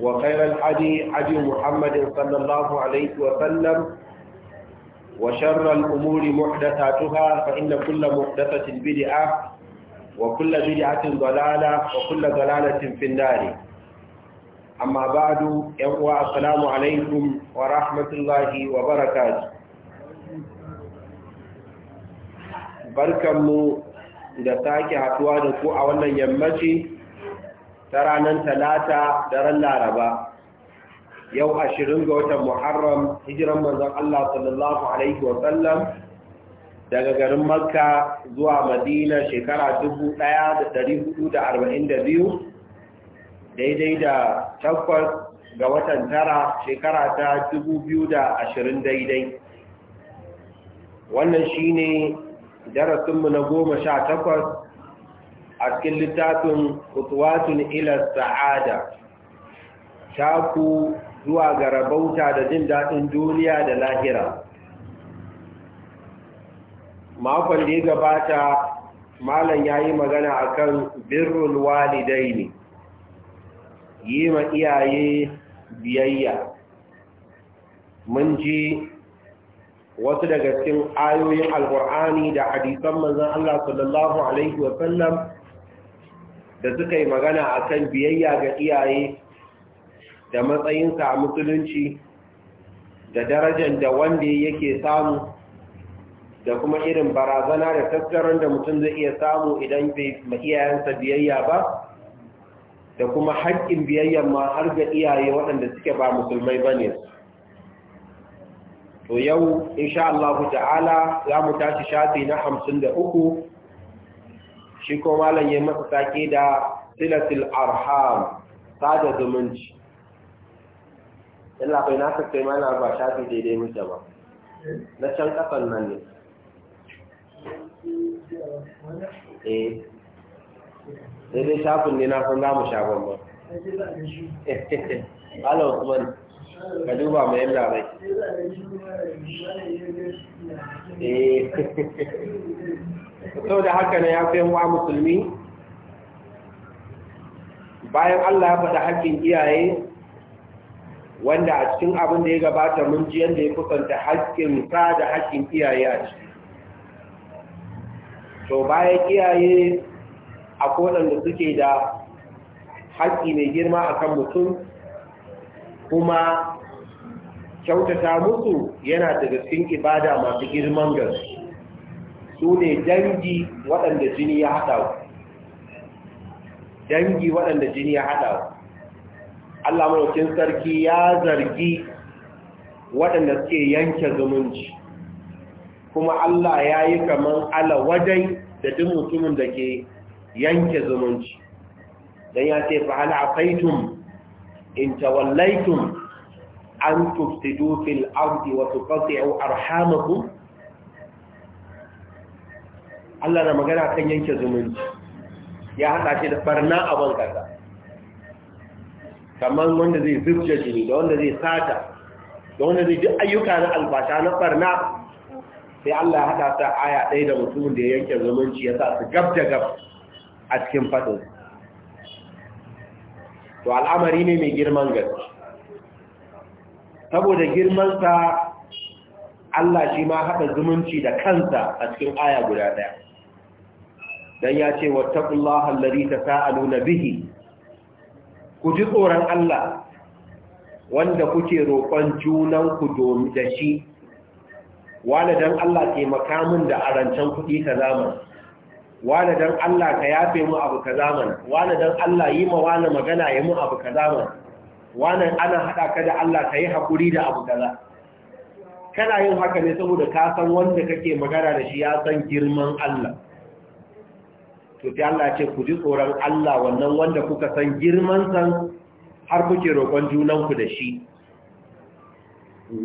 وخير الحدي حدي محمد صلى الله عليه وسلم وشر الأمور محدثاتها فإن كل محدثة بدعة وكل بدعة ضلالة وكل ضلالة في النار أما بعد يوم السلام عليكم ورحمة الله وبركاته barkanmu da sake haɗuwa da ku a wannan yammaci ta ranar talata daren laraba yau ashirin ga watan muharram hijiran manzon Allah sallallahu alaihi wa sallam daga garin makka zuwa madina shekara 1442 daidai da takwas ga watan tara shekara ta 2020 daidai wannan shine darasinmu na goma sha takwas a cikin littafin kutuwatun ila sa'ada shaku zuwa ga rabauta da jin daɗin duniya da lahira makon da ya gabata malam ya yi magana a kan birrul walidai ne yi ma iyaye biyayya mun ji wasu daga cikin ayoyin alkur'ani da hadisan manzan Allah sallallahu Alaihi wasallam da suka yi magana a kan biyayya ga iyaye da matsayinsa a musulunci da darajar da wanda yake samu da kuma irin barazana da tattaron da mutum zai iya samu idan bai ma iyayensa biyayya ba da kuma haƙƙin biyayya ma har ga iyaye waɗanda suke ba musulmai ba ne to yau insha Allah ta'ala za mu tashi shafi na hamsin da uku shi ko malam ya masa take da silatul arham sada zumunci Allah bai nasa mai na ba shafi daidai muke ba na can kafan nan ne eh daidai shafin ne na san za mu sha bamba ala usman ka duba mai yalla bai eh saboda haka ne ya fi wa musulmi bayan Allah ya faɗa haƙƙin iyaye wanda a cikin abin da ya gabata mun ji yadda ya kusanta haƙƙin sa da haƙƙin iyaye a ciki to bayan iyaye a da suke da haƙƙi mai girma a kan mutum kuma kyautata musu yana daga cikin ibada masu girman gaske su ne dangi waɗanda jini ya haɗawa dangi waɗanda jini ya haɗawa Allah maɗaukin sarki ya zargi waɗanda suke yanke zumunci kuma Allah ya yi kamar alawadai da duk mutumin da ke yanke zumunci don ya ce fa'ala a faitun in tawallaitun an tuftidu fil ardi wa tuqati'u arhamakum Allah na magana kan yanke zumunci ya haɗa shi da barna a bankasa kamar wanda zai zubce jini da wanda zai sata da wanda zai duk ayyuka na albasha na barna sai Allah haɗa ta aya ɗaya da mutumin da ya yanke zumunci ya sa su gab da gab a cikin faɗin to al'amari ne mai girman gaske saboda girmansa Allah shi ma haɗa zumunci da kansa a cikin aya guda ɗaya dan ya ce wattaqullaha allazi tasaaluna bihi ku ji tsoron Allah wanda kuke roƙon junan ku domin da shi wani Allah ke makamin da arancan kuɗi ka zamani wani Allah ka yafe mu abu ka zamani wani Allah yi ma wani magana ya mu abu ka zamani wani ana haɗa ka da Allah ka yi haƙuri da abu kaza kana yin haka ne saboda ka san wanda kake magana da shi ya san girman Allah to sai Allah ce ku ji tsoron Allah wannan wanda kuka san girman san har kuke roƙon junanku da shi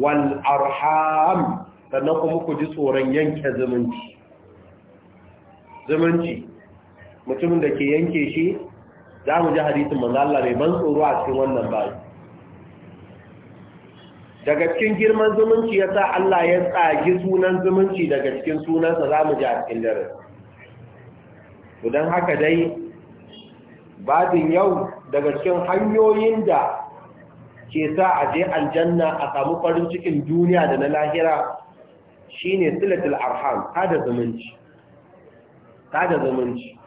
wal arham sannan kuma ku ji tsoron yanke zumunci zumunci mutumin da ke yanke shi za mu ji hadisin manzo Allah mai ban tsoro a cikin wannan bayi daga cikin girman zumunci yasa Allah ya tsagi sunan zumunci daga cikin sunansa za mu ji a cikin dare to haka dai babin yau daga cikin hanyoyin da ke sa a je aljanna a samu farin cikin duniya da na lahira shine silatul arham kada zumunci sada zumunci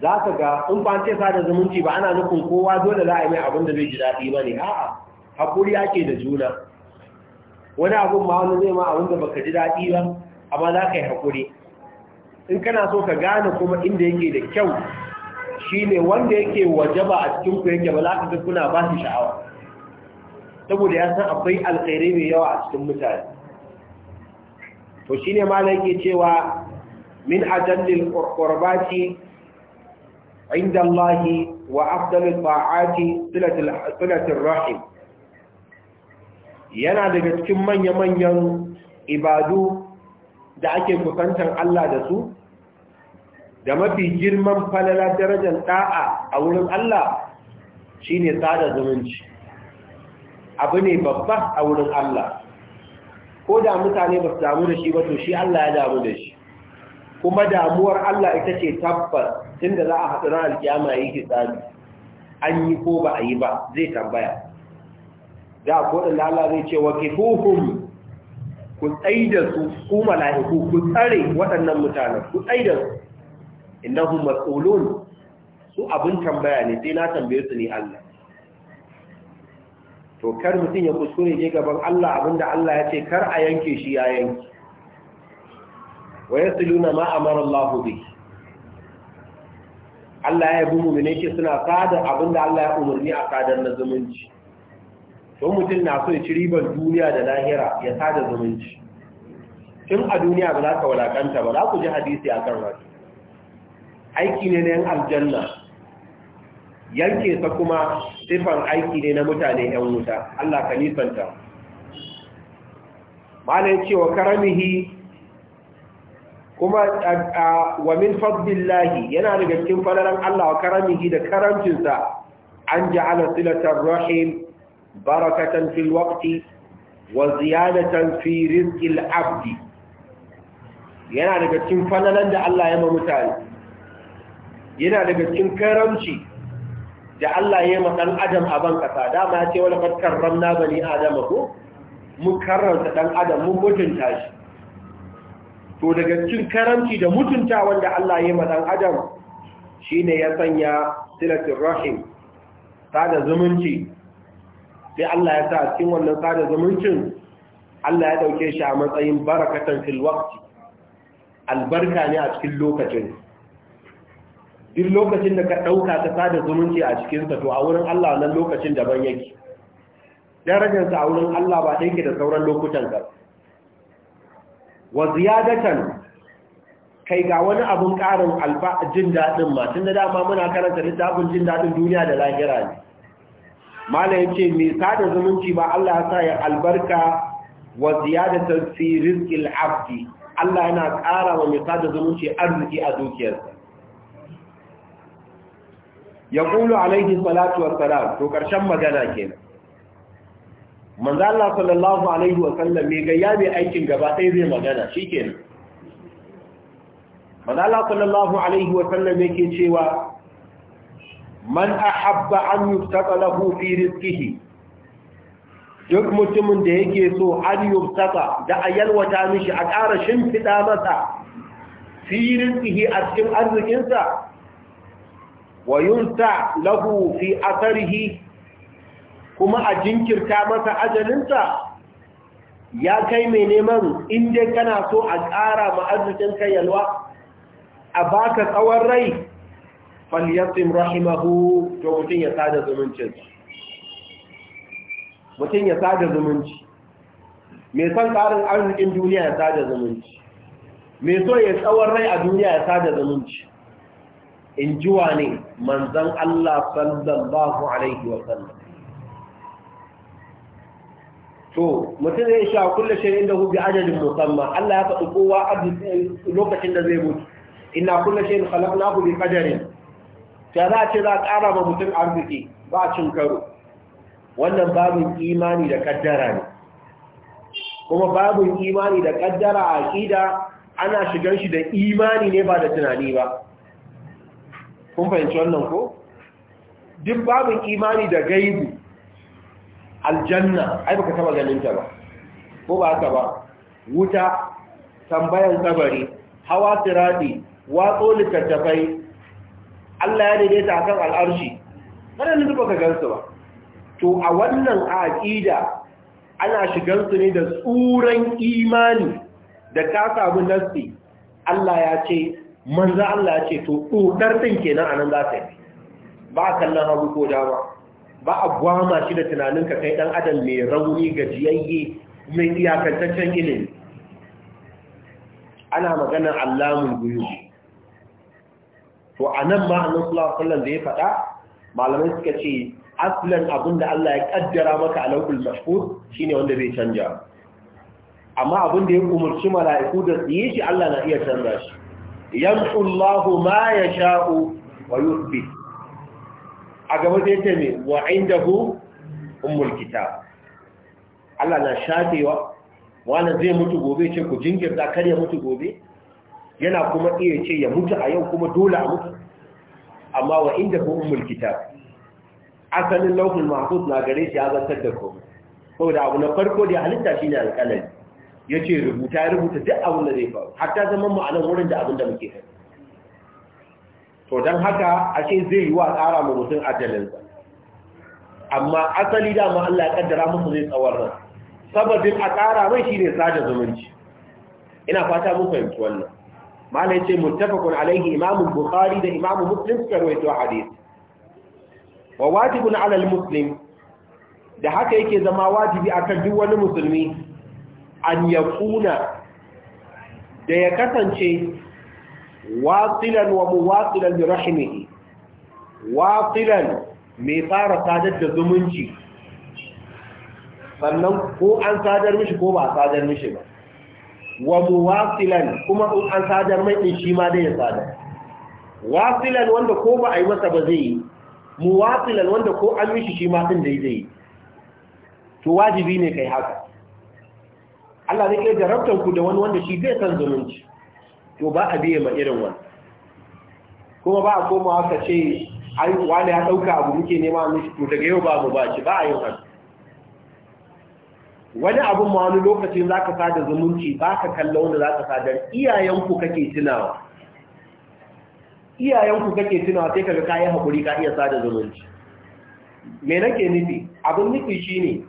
za ka ga in ba sada zumunci ba ana nufin kowa dole za a yi mai abin da zai ji daɗi ba ne a'a hakuri ake da juna wani abin ma wani zai ma abin da baka ji daɗi ba amma za ka yi hakuri in kana so ka gane kuma inda yake da kyau shine wanda yake waje ba a cikin ku yake ba za ka ga kuna ba shi sha'awa saboda ya san akwai alkhairai mai yawa a cikin mutane to shine ma yake cewa min ajallil qurbati inda Allah wa afdalil fa'ati silatul rahim yana daga cikin manya-manyan ibadu da ake kusantan Allah da su da mafi girman falala darajar da'a a wurin Allah shi ne sada zumunci abu ne babba a wurin Allah ko da mutane ba su damu da shi ba to shi Allah ya damu da shi kuma damuwar Allah ita ce tabbas da za a haɗu na alkiyama yi hisabi an yi ko ba a yi ba zai tambaya da ko da Allah zai ce wa ku tsaida su ku mala'iku ku tsare waɗannan mutanen ku tsaida su innahum mas'ulun su abin tambaya ne sai na tambaye su ne Allah to kar mutum ya kuskure je gaban Allah abinda Allah ya ce kar a yanke shi ya yanke wa yasluna ma amara Allah bi Allah ya yi mu'mini ke suna sadar abinda Allah ya umarni a sadar na zumunci don mutum na so ya ci ribar duniya da lahira ya sada zumunci tun a duniya ba za ka walakanta ba za ku ji hadisi a kan rasu aiki ne na yan aljanna yanke sa kuma sifan aiki ne na mutane yan wuta Allah ka nisanta malai cewa karamihi kuma wa min fadlillahi yana daga cikin fadalan Allah wa karamihi da karamcinsa an ja'ala silatar rahim barakatan fil waqti wa ziyadatan fi rizqil abdi yana daga cikin fananan da Allah ya ma mutane yana daga cikin karamci da Allah ya ma dan adam a ban kasa dama ya ce wala qad karramna bani adama ko mu karranta dan adam mun mutunta shi to daga cikin karamci da mutunta wanda Allah ya ma dan adam shine ya sanya silatul rahim sada zumunci sai Allah ya sa cikin wannan sada zumuncin Allah ya dauke shi a matsayin barakatan fil waqti albarka ne a cikin lokacin duk lokacin da ka dauka ta sada zumunci a cikinsa, to a wurin Allah nan lokacin daban yake darajar sa a wurin Allah ba ta ke da sauran lokutan ka wa ziyadatan kai ga wani abun ƙarin jin daɗin ma tun da dama muna karanta littafin jin daɗin duniya da lahira ne mala ya ce mai sada zumunci ba Allah ya sa ya albarka wa ziyadatar fi rizqil abdi Allah yana ƙara wa mai sada zumunci arziki a dukiyarsa ya kulu alaihi salatu wa salam to ƙarshen magana ke. Manza Allah sallallahu alaihi wasallam me gayya ya mai aikin gaba sai zai magana shi nan. Manza Allah sallallahu alaihi wasallam yake cewa man ahabba an yubtaka lahu fi rizqihi duk mutumin da yake so an yubtaka da a yalwata mishi a ƙara shimfiɗa masa fi rizqihi a cikin arzikinsa wa yunsa lahu fi kuma a jinkirta masa ajalinsa ya kai mai neman inda kana so a ƙara ma'arzikinka yalwa a baka tsawon rai falyatim rahimahu to mutum ya sada zumuncin mutum ya sada zumunci mai son ƙarin arzikin duniya ya sada zumunci mai so ya tsawon rai a duniya ya sada zumunci in ji ne manzan Allah sallallahu alaihi wa sallam to mutum zai sha kulle shi inda hu bi ajalin musamman Allah ya faɗi kowa a lokacin da zai mutu inna kulle shi khalaqnahu bi qadarin ta za a ce za a ƙara ba mutum arziki ba cin karo wannan babin imani da kaddara ne kuma babin imani da kaddara a aƙida ana shigar shi da imani ne ba da tunani ba kun fahimci wannan ko duk babin imani da gaibu aljanna ai baka taba ganin ta ba ko ba haka ba wuta tambayan tsabari hawa tiradi watso littattafai Allah ya daidaita kan al'arshi waɗanda duk ka gansu ba to a wannan aƙida ana shigar su ne da tsuran imani da ka samu nasi, Allah ya ce manzo Allah ya ce to kodar din kenan anan za ta yi ba kallon hagu ko dama ba a gwama shi da tunanin ka kai dan adam mai rauni gajiyayye mai iyakantaccen ilimi ana maganar allamul guyub to a nan ma annan sulawa sallan da ya faɗa malamai suka ce aslan abin da Allah ya ƙaddara maka a laukul mashhur shine wanda bai canja amma abin da ya umarci mala'iku da su yi shi Allah na iya canza shi Yan Allah ma ya sha'u wa yuthbit a gaba sai ce me wa indahu ummul kitab Allah na shafewa wani zai mutu gobe ce ku jinkirta kar ya mutu gobe yana kuma iya ce ya mutu a yau kuma dole a mutu amma wa inda ku ummul kitab asalin lauhul mahfuz na gare shi ya zartar da komai saboda abu na farko da halitta shine alƙalami yace rubuta ya rubuta duk abin da zai faru hatta zaman mu a nan wurin da abin da muke kai to don haka ashe zai yi wa tsara ma mutum sa amma asali mu Allah ya kaddara musu zai tsawar ran sababin a tsara mai shine sada zumunci ina fata mun fahimci wannan malai ce muttafaqun alaihi imam bukhari da imam muslim suka rawaito hadith wa wajibun ala muslim da haka yake zama wajibi akan duk wani musulmi an yakuna da ya kasance wasilan wa muwasilan bi rahimihi wasilan mai fara sadar da zumunci sannan ko an sadar mishi ko ba a sadar mishi ba wa muwasilan kuma in an sadar mai din shi ma dai ya sadar wasilan wanda ko ba a yi masa ba zai yi muwasilan wanda ko an yi shi shi ma din dai zai yi to wajibi ne kai haka Allah zai kai jarabtan ku da wani wanda shi zai san zumunci to ba a biye ma irin wani kuma ba a komawa haka ce ai wani ya dauka abu muke nema mishi to daga yau ba mu ba shi ba a yin haka wani abin ma wani lokacin za ka sada zumunci ba ka kalla wanda za ka sadar iyayenku kake tunawa iyayenku kake tunawa sai ka ga kayan haƙuri ka iya sada zumunci me nake nufi abin nufi shine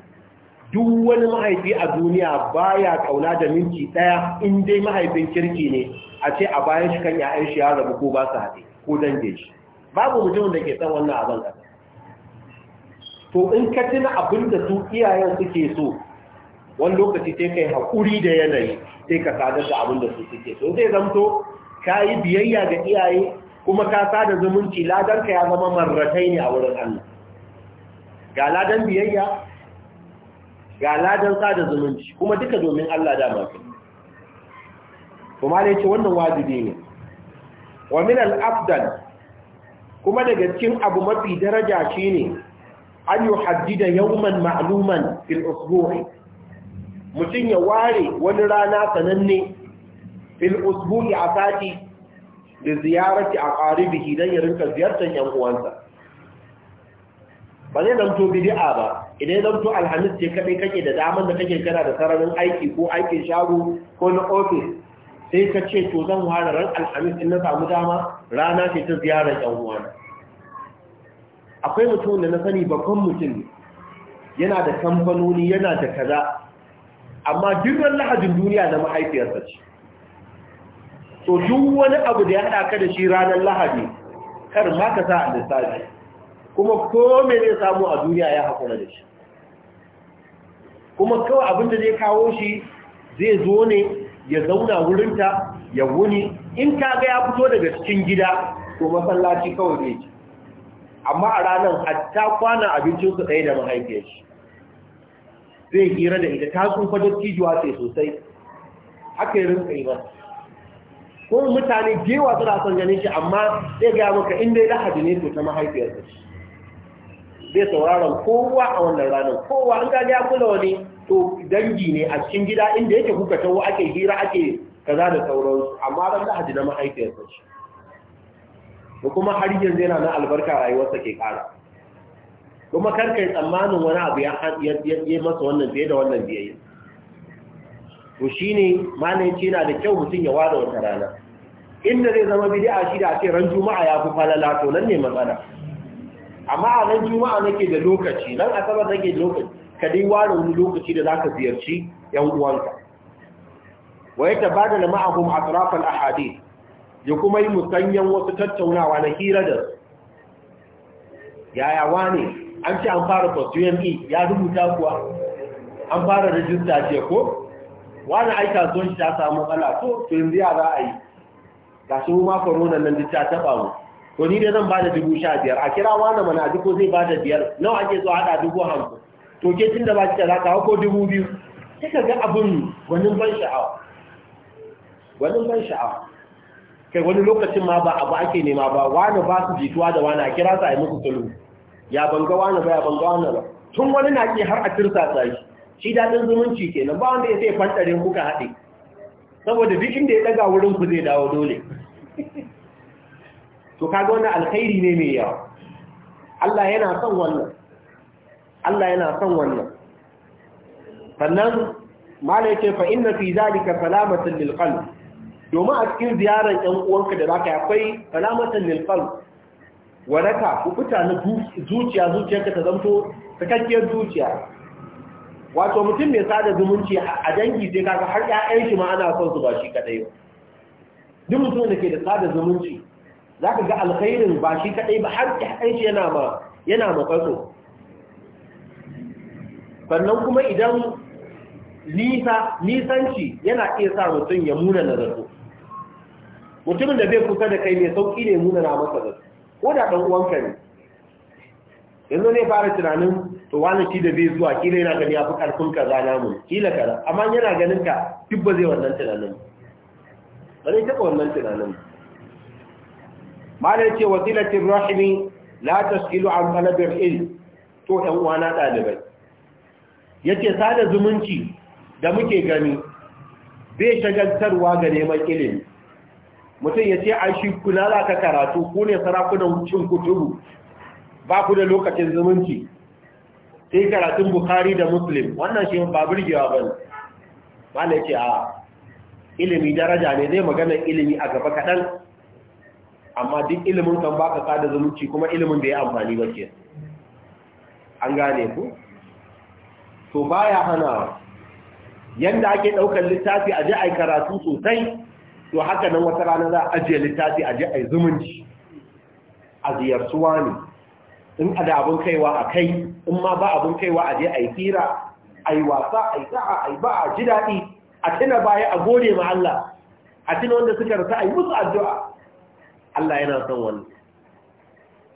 duk wani mahaifi a duniya baya kauna da minti ɗaya in dai mahaifin kirki ne a ce a bayan shi kan ya'yan shi ya rabu ko ba su haɗe ko dange shi babu mutumin da ke san wannan abin to in ka tuna abin da su iyayen suke so wani lokaci sai kai haƙuri da yanayi sai ka sadar da abin da su suke so zai zamto ka yi biyayya ga iyaye kuma ka sada zumunci ladanka ya zama marratai ne a wurin Allah ga ladan biyayya ga ladan sada zumunci kuma duka domin Allah da mafi kuma ne ce wannan wajibi ne wa min al-afdal kuma daga cikin abu mafi daraja shine an yuhaddida yawman ma'luman fil usbu'i mutum ya ware wani rana sananne fil usbu'i a sati da ziyarati a ƙaribihi don ya rinka ziyartar ‘yan uwansa ba zai zamto bidi'a ba idan zamto alhamis ce kaɗai kake da daman da kake kana da sararin aiki ko aikin shago ko na ofis sai ka ce to zan ware ran alhamis in na samu dama rana ce ta ziyarar ‘yan uwana akwai mutum da na sani babban mutum yana da kamfanoni yana da kaza amma duk lahadin duniya na mahaifiyarsa ce to duk wani abu da ya haɗa ka da shi ranar lahadi kar ma ka sa a lissafi kuma ko me zai samu a duniya ya haƙura da shi kuma kawai abin da zai kawo shi zai zo ne ya zauna wurinta ya wuni in ka ga ya fito daga cikin gida to masallaci kawai zai ci amma a ranar hatta kwana abincinsu ɗaya da mahaifiyar zai hira da ita ta tsufa dattijuwa sai sosai haka yi rinka yi ba ko mutane jewa suna son ganin shi amma zai gaya maka inda ya lahadi ne to ta mahaifiyarsa zai sauraron kowa a wannan ranar kowa an gaya kula wani to dangi ne a cikin gida inda yake kuka tawo ake hira ake kaza da sauransu amma ran lahadi na mahaifiyarsa ce kuma har yanzu yana na albarka rayuwarsa ke kara kuma kar kai tsammanin wani abu ya yi masa wannan fiye da wannan biyayya to shi malamin ce yana da kyau mutum ya ware wata rana inda zai zama bid'a shi da ce ran juma'a ya fi falala to nan ne matsala amma a ran juma'a nake da lokaci nan asabar nake da lokaci ka dai ware wani lokaci da zaka ziyarci yan uwanka wa yatabadala ma'ahum atraf al-ahadith ya kuma yi musanyen wasu tattaunawa na hira da yaya wane an ce an fara kwas ume ya rubuta kuwa an fara rajista ce ko wani aika zon shi ta samu matsala to to yanzu ya za a yi ga su ma corona nan duk ta taba mu to ni dai zan bada dubu sha biyar a kira wani mana a ko zai bada biyar nawa ake zuwa hada dubu hamsin to ke tun da ba ki za ka ko dubu biyu sai ka ga abin gwanin ban sha'awa gwanin ban sha'awa kai wani lokacin ma ba abu ake nema ba wani ba su jituwa da wani a kira su a yi musu sulhu ya banga wani ba ya banga wani ba tun wani na ke har a tirsa shi shi daɗin zumunci nan ba wanda ya sai fantare kuka haɗe saboda duk inda ya ɗaga wurin ku zai dawo dole to kaga wannan alkhairi ne mai yawa Allah yana son wannan Allah yana son wannan sannan mala yake fa inna fi zalika salamatan lil qalb domin a cikin ziyarar ɗan uwanka da zaka akwai salamatan lil qalb waraka ku na zuciya zuciyarka ta zamto sakakkiyar zuciya wato mutum mai sada zumunci a dangi sai kaga har ƴaƴan shi ma ana son su ba shi kadai ba duk mutum da ke da sada zumunci zaka ga alkhairin ba shi kadai ba har ƴaƴan shi yana ma yana ma kwaso sannan kuma idan nisa nisanci yana iya sa mutum ya muna nazarto mutumin da bai kusa da kai mai sauki ne muna na masa zato ko da ɗan uwanka ne yanzu ne fara tunanin to wani shi da zai zuwa kila yana gani ya fi ƙarfin ka zana mu kila kaza amma yana ganin ka duk ba zai wannan tunanin ba zai taɓa wannan tunanin malar ce wasilatin rahimi la tasilu an talabir il to ɗan uwana ɗalibai ce sada zumunci da muke gani bai shagaltarwa ga neman ilimi mutum ya ce a shi kuna za ka karatu ku ne sarakunan cin kuturu ba ku da lokacin zumunci sai karatun bukari da muslim wannan shi ba birgewa ba ne ne ce a ilimi daraja ne zai magana ilimi a gaba kaɗan amma duk ilimin kan baka da zumunci kuma ilimin da ya amfani ba ke an gane ku to baya hana yanda ake ɗaukar littafi a ji a karatu sosai to haka nan wata rana za a ajiye littafi a je a zumunci a ziyarsuwa ne in a da abin kaiwa a kai in ma ba abin kaiwa a je a yi fira a yi wasa a yi sa'a a yi ba a ji daɗi a tuna baya a gode ma Allah a tuna wanda suka rasa a yi musu addu'a Allah yana son wani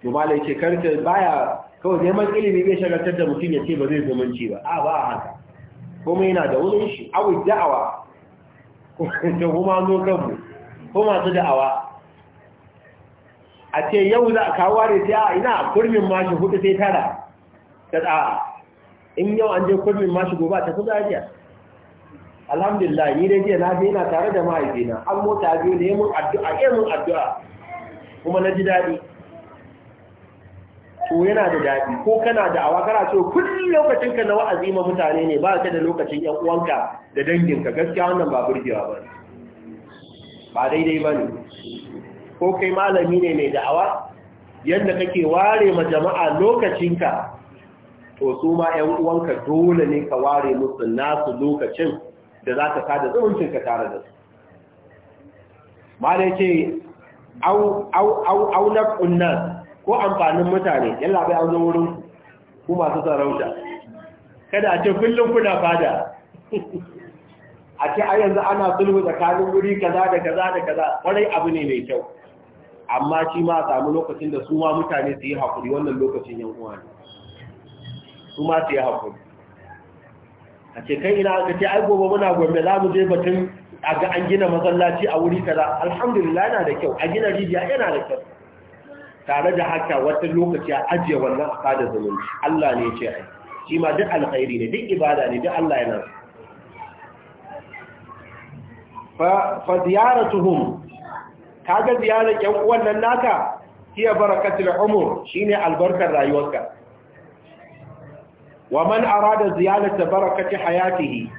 jumala lai ce karfe baya kawai neman ilimi bai shagaltar da mutum ya ce ba zai zumunci ba a ba haka kuma yana da wurin shi awi da'awa to kuma zo kanmu ko masu da'awa a ce yau za a kawo ware sai a ina kurmin mashi hudu sai tara ta da in yau an je kurmin mashi gobe ta fi zajiya alhamdulillah ni dai jiya na je ina tare da mahaifina an mota biyu ne mun addu'a eh, mun addu'a kuma na ji daɗi to yana da daɗi ko kana da awa kana so kullum lokacin ka na wa'azi ma mutane ne ba ka da lokacin ƴan uwanka da danginka gaskiya wannan ba burgewa ba ba daidai ba ne ko kai malami ne mai da'awa yadda kake ware ma jama'a lokacinka to su ma ƴan uwanka dole ne ka ware musu nasu lokacin da za ka sada ka tare da su malai ce au au au au ko amfanin mutane yalla bai an wurin ku masu sarauta kada a ce kullum kuna fada a ce a yanzu ana sulhu tsakanin wuri kaza da kaza da kaza kwarai abu ne mai kyau amma shi ma a samu lokacin da su ma mutane su yi haƙuri wannan lokacin yan uwa ne su ma su yi haƙuri a ce kai ina aka ce ai gobe muna gombe za mu je batun a ga an gina masallaci a wuri kaza alhamdulillah yana da kyau a gina rijiya yana da kyau tare da haka wata lokaci a ajiye wannan a kada zumunci Allah ne ce ai shi ma duk alkhairi ne duk ibada ne duk Allah yana fa fa ziyaratuhum kaga ziyarar yan uwan nan naka hiya barakatul umur shine albarkar rayuwarka wa man arada ziyarata barakati hayatihi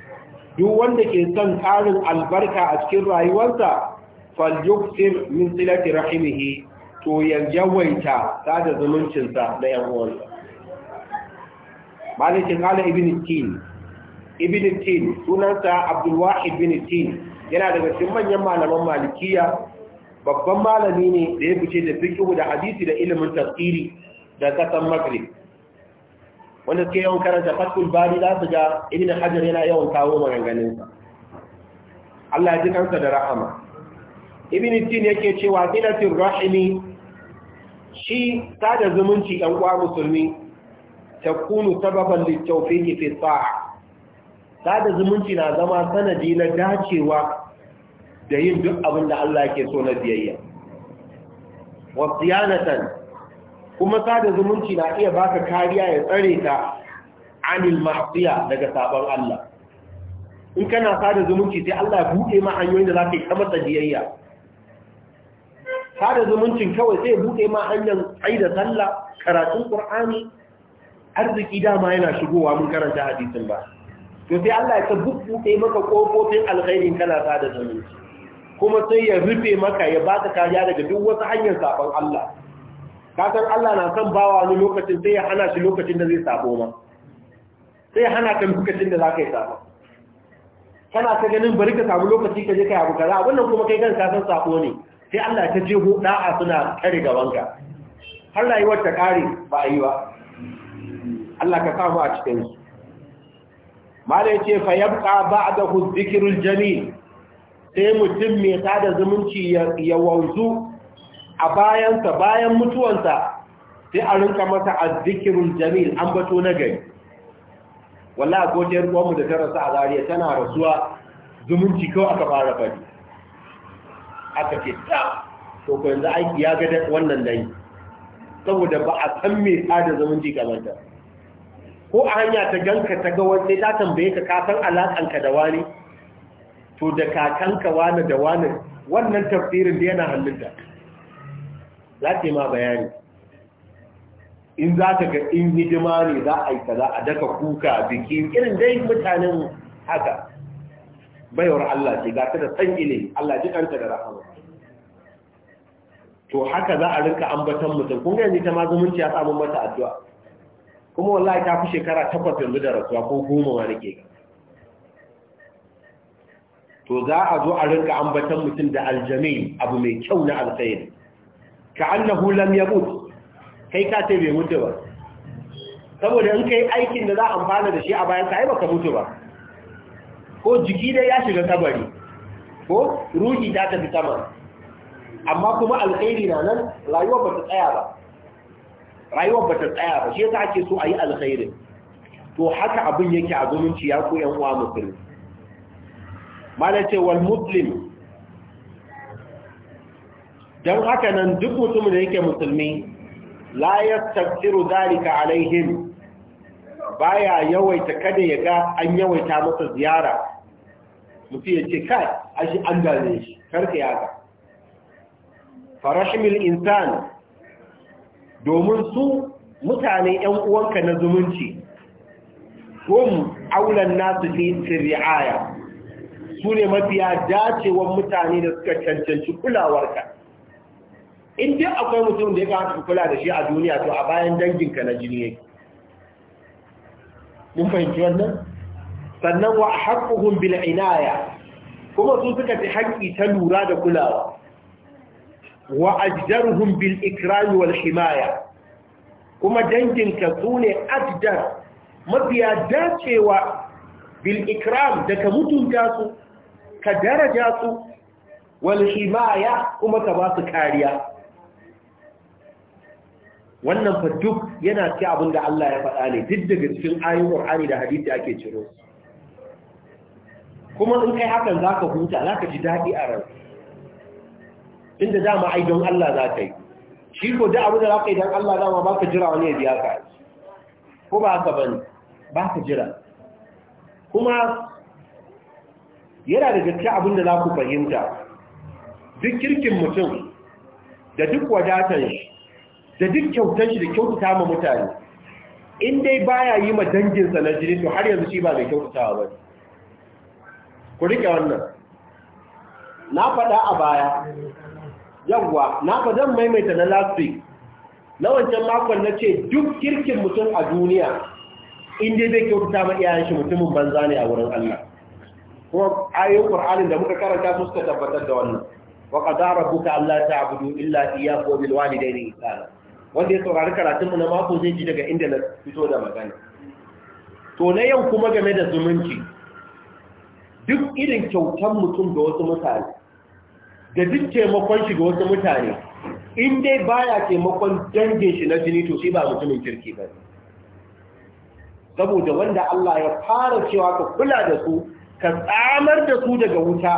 duk wanda ke son karin albarka a cikin rayuwarsa falyuktir min silati rahimihi to ya ta sada zumuncinsa na ‘yan uwansa. Malikin Ala Ibn Tin, Ibn Tin, sunansa Abdulwahid Ibn Tin, yana daga cikin manyan malaman malikiya, babban malami ne da ya fice da fikihu da hadisi da ilimin tafsiri da kasan Maghrib. Wanda ke yawan karanta Fatul Bari za su ga Ibn Hajar yana yawan kawo maganganunsa. Allah ya ji kansa da rahama. Ibn Tin yake cewa silatul rahimi shi sada zumunci ɗan uwa musulmi ta kunu sababan ke fi sa'a sada zumunci na zama sanadi na dacewa da yin duk abin da Allah ke so na biyayya Wasu yanatan kuma sada zumunci na iya baka kariya ya tsare ta anil mafiya daga sabon Allah in kana sada zumunci sai Allah ya buɗe ma hanyoyin da zaka yi kamata biyayya sada zumuncin kawai sai buɗe ma hanyar aida sallah karatun ƙur'ani arziki dama yana shigowa mun karanta hadisin ba to sai Allah ya ta buɗe maka ƙofofin alkhairin kana sada zumunci kuma sai ya rufe maka ya baka kariya daga duk wasu hanyar sabon Allah kasan Allah na son bawa ni lokacin sai ya hana shi lokacin da zai sabo ma sai ya hana ka lokacin da za ka yi sabo kana ta ganin bari ka samu lokaci ka je kai abu kaza Wannan kuma kai kan kasan sabo ne sai Allah ta hu da'a suna kare gabanka har rayuwar ta kare ba a yi ba Allah ka samu a cikin su mala ce fa yabqa ba'dahu dhikrul jamil sai mutum mai sada zumunci ya wanzu a bayansa bayan mutuwansa sai a rinka masa azzikirul jamil an bato na gari wallahi godiyar uwanmu da ta rasu a zariya tana rasuwa zumunci kawai aka fara fadi aka ce ta to ko yanzu aiki ya ga wannan dai saboda ba a san me tsada ji kamar ta ko a hanya ta ganka ta ga wani ta tambaye ka ka san alakanka da wani to da kakanka wani da wani wannan tafsirin da yana hannunta za ta yi ma bayani in za ka ga in hidima ne za a yi kaza a daka kuka biki irin dai mutanen haka baiwar Allah ce ga ta da san Ile, Allah ji kanta da rahama to haka za a rinka ambatan mutum kun ga yanzu ta ma zumunci ya samu mata addu'a kuma wallahi ta fi shekara takwas yanzu da rasuwa ko goma ma nake to za a zo a rinka ambatan mutum da aljamil abu mai kyau na alkhairi ka annahu lam yamut kai ka ce bai mutu ba saboda in kai aikin da za a amfana da shi a bayan ka ai baka mutu ba ko jiki dai ya shiga kabari ko ruhi ta tafi sama amma kuma alkhairi na nan rayuwar ba ta tsaya ba rayuwar ba ta tsaya ba shi yasa ake so a yi alkhairi to haka abin yake a zumunci ya ko yan uwa musulmi malam ce wal muslim dan haka nan duk mutumin da yake musulmi la tafsiru zalika alaihim baya yawaita kada yaga an yawaita masa ziyara mutum ya ce kai ashi an gane shi karka yaga farashimil insan domin su mutane ‘yan uwanka na zumunci gum aulan nasu fi sirri'aya su ne mafiya dacewan mutane da suka cancanci kulawarka in dai akwai mutum da ya kamata kula da shi a duniya to a bayan danginka na jini yake mun fahimci wannan sannan wa haƙuhun bil inaya kuma su suka fi haƙƙi ta lura da kulawa wa ajdaruhum bil ikrami wal himaya kuma dangin su ne ajdar mafiya dacewa bil ikram da ka mutunta su ka daraja su wal himaya kuma ka ba su kariya wannan fa duk yana ci abin da Allah ya faɗa ne duk daga cikin ayoyin Qur'ani da hadisi ake ciro su kuma in kai hakan za ka huta za ka ji daɗi a ran inda dama ai don Allah za ka yi shi ko da abu da za ka yi don Allah dama ba ka jira wani ya biya ka ko ba ka ba ba ka jira kuma yana da gaske abin da za ku fahimta duk kirkin mutum da duk wadatan shi da duk kyautan shi da kyautata ma mutane in dai baya yi ma danginsa na jini to har yanzu shi ba mai kyautatawa ba ne. ku rike wannan na faɗa a baya yawwa na fa zan maimaita na last week na wancan makon na ce duk kirkin mutum a duniya inda zai kyautata ma iyayen shi mutumin banza ne a wurin Allah kuma ayoyin Qur'ani da muka karanta su suka tabbatar da wannan wa qadara buka Allah ta'budu illa iyyahu bil walidayni ihsana wanda ya saurari karatun mu na mako zai ji daga inda na fito da magana to na yau kuma game da zumunci duk irin kyautan mutum ga wasu mutane da duk taimakon shi ga wasu mutane in dai ba ya taimakon dangin shi na jini to shi ba mutumin kirki ba saboda wanda Allah ya fara cewa ka kula da su ka tsamar da su daga wuta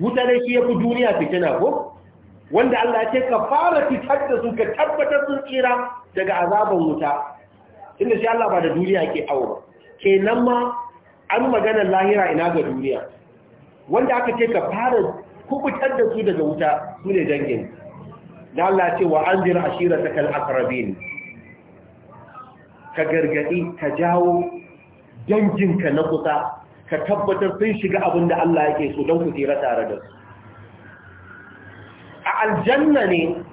wuta ne shi ya fi duniya fitina ko wanda Allah ya ce ka fara fitar da su ka tabbatar sun tsira daga azaban wuta inda shi Allah ba da duniya ke awo kenan ma an maganar lahira ina ga duniya wanda aka ce ka fara kubutar da su daga wuta su ne dangin da Allah ce wa an jira ashira ta kal'akarabin ka gargadi ka jawo danginka na kusa ka tabbatar sun shiga abin da Allah yake so don ku tira tare da su a aljanna ne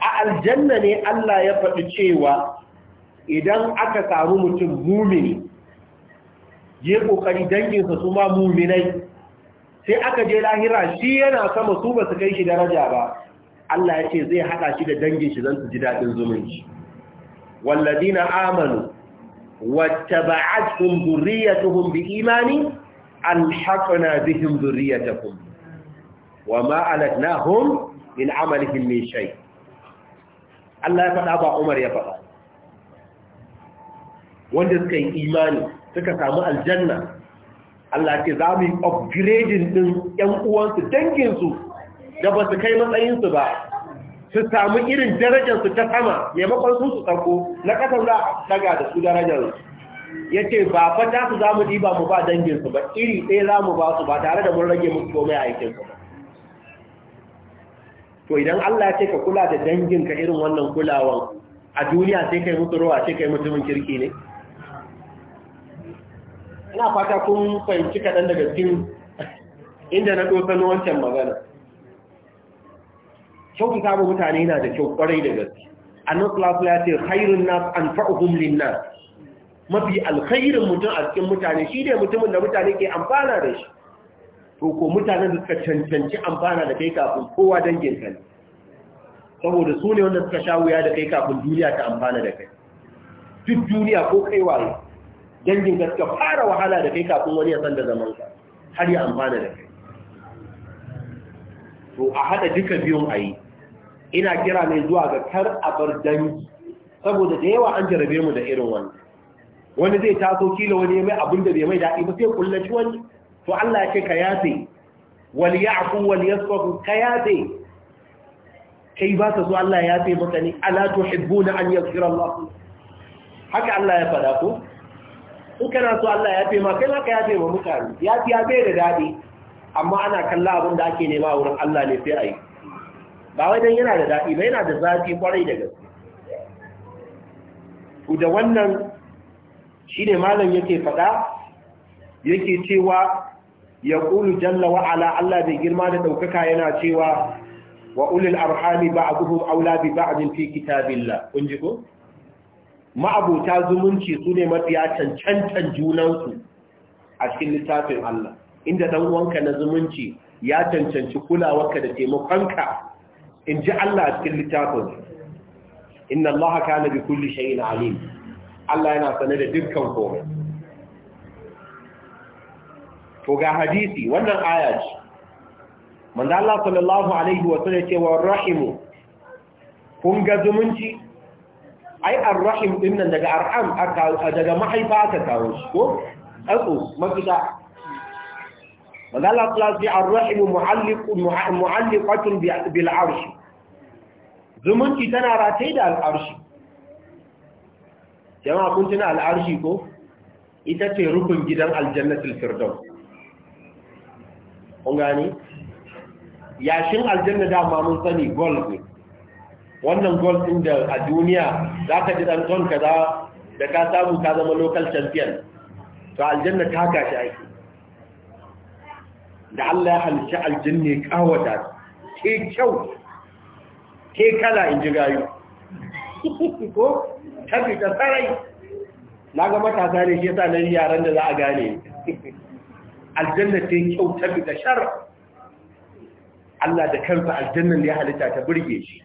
a aljanna ne Allah ya faɗi cewa idan aka samu mutum mumini ya kokari danginsa su ma muminai sai aka je lahira shi yana sama su ba su kai shi daraja ba Allah ya ce zai haɗa shi da dangin shi zan su ji daɗin zumunci walladina amanu wattaba'atuhum dhurriyyatuhum ta alhaqna Wa dhurriyyatahum na alatnahum in amalihim min shai. Allah ya faɗa ba Umar ya faɗa wanda suka yi imani suka samu aljanna Allah ce za mu yi upgrading din 'yan uwansu danginsu da ba su kai matsayinsu ba su samu irin darajarsu ta sama maimakon su su tsako na ƙasar za a daga da su darajarsu ya ce ba fata su za mu ɗiba mu ba danginsu ba iri ɗaya za mu ba su ba tare da mun rage musu komai aikinsu ba to idan Allah ce ka kula da danginka irin wannan kulawan a duniya sai kai mutu ruwa sai kai mutumin kirki ne ina fata kun fahimci kaɗan daga cikin inda na ɗosano wancan magana kyautu samu mutane yana da kyau kwarai da gaske annan sulasu ya ce khairun nas an fa'uhum linnas mafi alkhairin mutum a cikin mutane shi ne mutumin da mutane ke amfana da shi to ko mutanen da suka cancanci amfana da kai kafin kowa dangin ka ne saboda su ne wanda suka sha wuya da kai kafin duniya ta amfana da kai duk duniya ko kaiwaye. dangin gaske fara wahala da kai kafin wani ya san da zaman ka har ya amfana da kai to a hada duka biyun ayi. ina kira mai zuwa ga kar a bar dangi saboda da yawa an jarabe mu da irin wani wani zai taso kila wani ya mai abin da bai mai daɗi ba sai kullaci wani to Allah ya ce ka yafe wal ya'fu wal yasfahu ka yafe kai ba ka so Allah ya yafe maka ne ala tuhibbuna an yaghfira Allah haka Allah ya faɗa ko in kana so Allah ya fi ma kai ka ya fi ma mutane ya fi ya bai da daɗi amma ana kalla abin da ake nema a wurin Allah ne sai a yi ba wai dan yana da daɗi ba yana da zafi kwarai da gaske ku da wannan shine ne malam yake faɗa yake cewa ya ƙulu jalla wa ala Allah bai girma da ɗaukaka yana cewa wa ulil arhami ba a bi ba'din fi kitabillah kun ji ko ma'abuta zumunci su ne mafiya cancantan junansu a cikin littafin Allah inda dan uwanka na zumunci ya cancanci kulawarka da taimakonka in ji Allah a cikin littafin inna Allah kana bi kulli shay'in alim Allah yana sane da dukkan komai to ga hadisi wannan aya ce manzo Allah sallallahu alaihi wa sallam ce wa rahimu kun ga zumunci ai arrahim din nan daga arham daga mahaifa aka kawo shi ko tsatso mafita magana class bi arrahim mu'alliqatun bil arsh zumunci tana rataye da al'arshi jama'a kun tuna al'arshi ko ita ce rukun gidan aljannatul firdaus kun gani yashin aljanna da mamun sani gold ne wannan gold din da a duniya za ka ji ɗan ton kaza da ka samu ka zama local champion to aljanna ta kashi aiki da Allah ya halitta aljanna kawata ke kyau ke kala in ji gayu ko tafi ta sarai na ga matasa ne shi sa na yaran da za a gane aljanna ta kyau tafi ta shar Allah da kansa aljannan ya halitta ta burge shi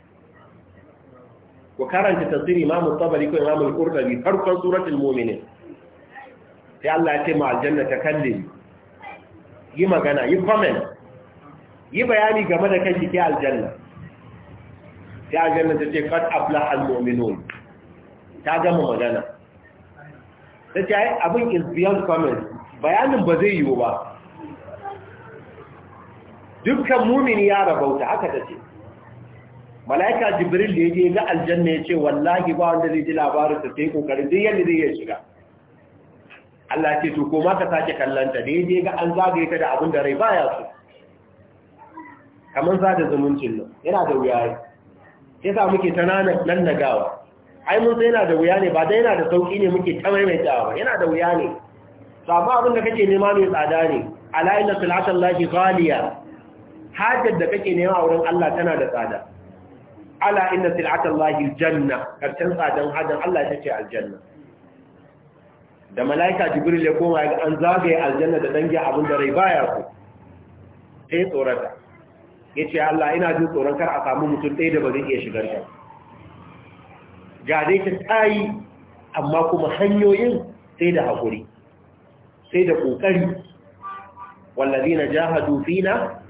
ku karanta tafsir Imam Tabari ko Imam Al-Qurtubi farkon suratul Mu'minin sai ce ma aljanna ta kalle yi magana yi yi bayani game da kai ke aljanna sai aljanna ta ce qad aflaha al-mu'minun ta gama magana ta ce abin is beyond comment bayanin ba zai yiwu ba dukkan mumini ya rabauta haka ta ce malaika jibril da yake ga aljanna yace wallahi ba wanda zai ji labarin ta sai kokarin duk yanda zai shiga Allah ce to ko ma ka sake kallanta da yaje ga an zagaye ta da abin da rai baya so kamar zada zumuncin nan yana da wuya ne yasa muke ta nan nagawa ai mun sai yana da wuya ne ba dai yana da sauki ne muke ta maimaitawa ba yana da wuya ne amma abin da kake nema mai tsada ne alayna salatan lahi ghaliya hajjar da kake nema a wurin Allah tana da tsada ala inna sil'atallahi janna karshen tsadan adam Allah ya ce aljanna da malaika jibril ya koma ga an zagaye aljanna da dangi abin da rai baya ku. sai tsorata yace Allah ina jin tsoron kar a samu mutum ɗaya da ba zai iya shigar ta ga dai ta tsayi amma kuma hanyoyin sai da hakuri sai da kokari wallazina jahadu fina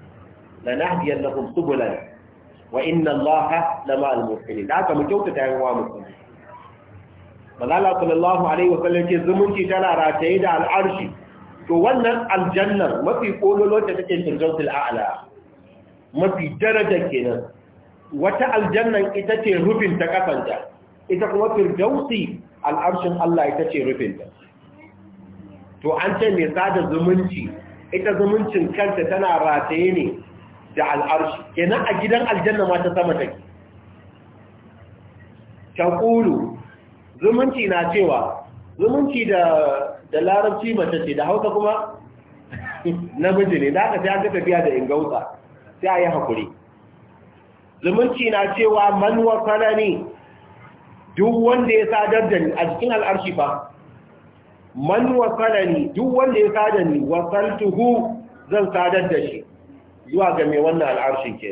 lanahdiyannahum subulana wa inna allaha lama al-muhsinin da haka mu kyautata yan uwa musulmi manala sallallahu alaihi wa sallam ce zumunci tana rataye da al'arshi to wannan aljannar mafi kololon ta take firdausul a'la mafi daraja kenan wata aljannan ita ce rufin ta kasanta ita kuma firdausi al'arshin Allah ita ce rufin ta. to an ce mai sada zumunci ita zumuncin kanta tana rataye ne da al'arshi kenan a gidan aljanna ma ta sama take Ta Kulu, zumunci na cewa zumunci da da larabci mace ce da hausa kuma namiji ne da aka sai aka tafiya da ingauta sai a yi hakuri zumunci na cewa man wasala ne duk wanda ya sadar da ni a cikin al'arshi fa man wasala ne duk wanda ya sadar ni wasaltuhu zan sadar da shi zuwa ga mai wannan al'arshin ke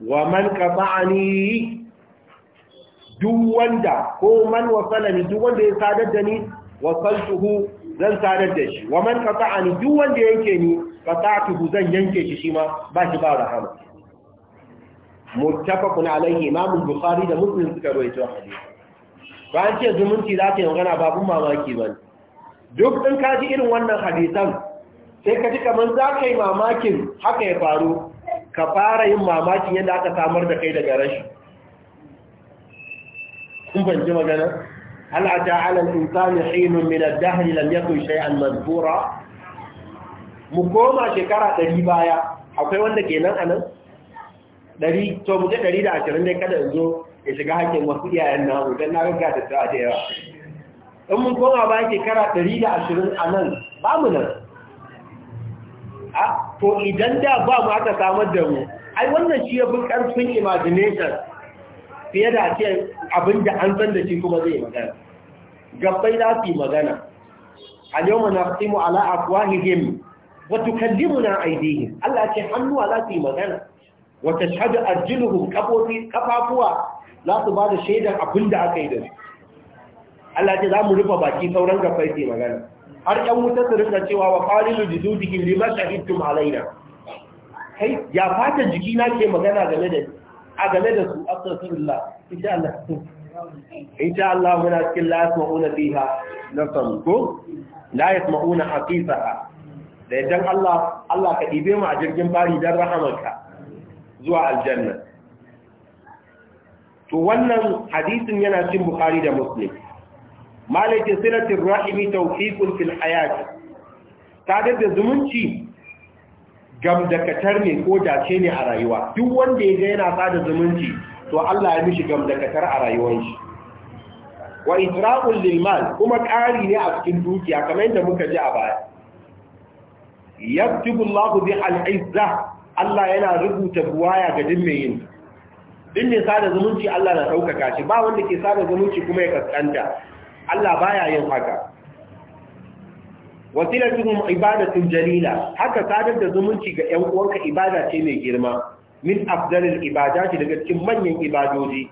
wa man ka qata'ani duk wanda ko man wasalani duk wanda ya sadar da ni wasaltuhu zan sadar da shi wa man ka qata'ani duk wanda yanke ni tuhu zan yanke shi shi ma ba shi ba rahama muttafaqun alaihi imam al-bukhari da muslim suka rawaito hadisi ba an ce zumunci za ta yi magana babun mamaki ba duk ɗin kaji irin wannan hadisan sai ka ji kamar za ka yi mamakin haka ya faru ka fara yin mamakin yadda aka samar da kai daga rashi kun banci magana halata Alal ta'alan insani hinun min ad-dahr lam yakun shay'an mazkura mu koma shekara ɗari baya akwai wanda kenan anan Ɗari to mu je ashirin dai kada in zo ya shiga hakkin wasu iyayen namu don na riga da ta da yawa in mun koma bayan shekara ɗari da ashirin a nan ba mu nan a to idan da ba mu aka samar da mu ai wannan shi ya fi ƙarfin imagination fiye da ce abin da an san da shi kuma zai magana gabbai za su yi magana a yau mana simu ala akwahihim wata kalli na aidihin Allah ce hannuwa za su yi magana wata shaɗu arjinuhum kafafuwa za su ba da shaidar abin da aka yi da su Allah ce za mu rufe baki sauran gabbai su yi magana har yan wuta su rika cewa wa qalilu jududihim lima shahidtum alaina kai ya fata jiki na ke magana game da a game da su astaghfirullah insha Allah insha Allah muna cikin la yasma'una fiha nafsan ko la yasma'una haqiqaha da idan Allah Allah ka ɗibe mu a jirgin bari don rahamarka zuwa aljanna to wannan hadisin yana cin Bukhari da Muslim malaikin silatin rahimi taufiqun fil hayat Ta da zumunci gamdakatar ne ko dace ne a rayuwa duk wanda ya ga yana sada zumunci to Allah ya mishi gamdakatar a rayuwar shi wa isra'ul lil mal kuma kari ne a cikin dukiya kamar yadda muka ji a baya yaktubu Allahu bi al izzah Allah yana rubuta buwaya ga din mai yin din ne sada zumunci Allah na ɗaukaka shi ba wanda ke sada zumunci kuma ya kaskanta Allah baya yin haka wasilatuhum ibadatun jalila haka sadar da zumunci ga 'yan uwanka ibada ce mai girma min ibada ce daga cikin manyan ibadoji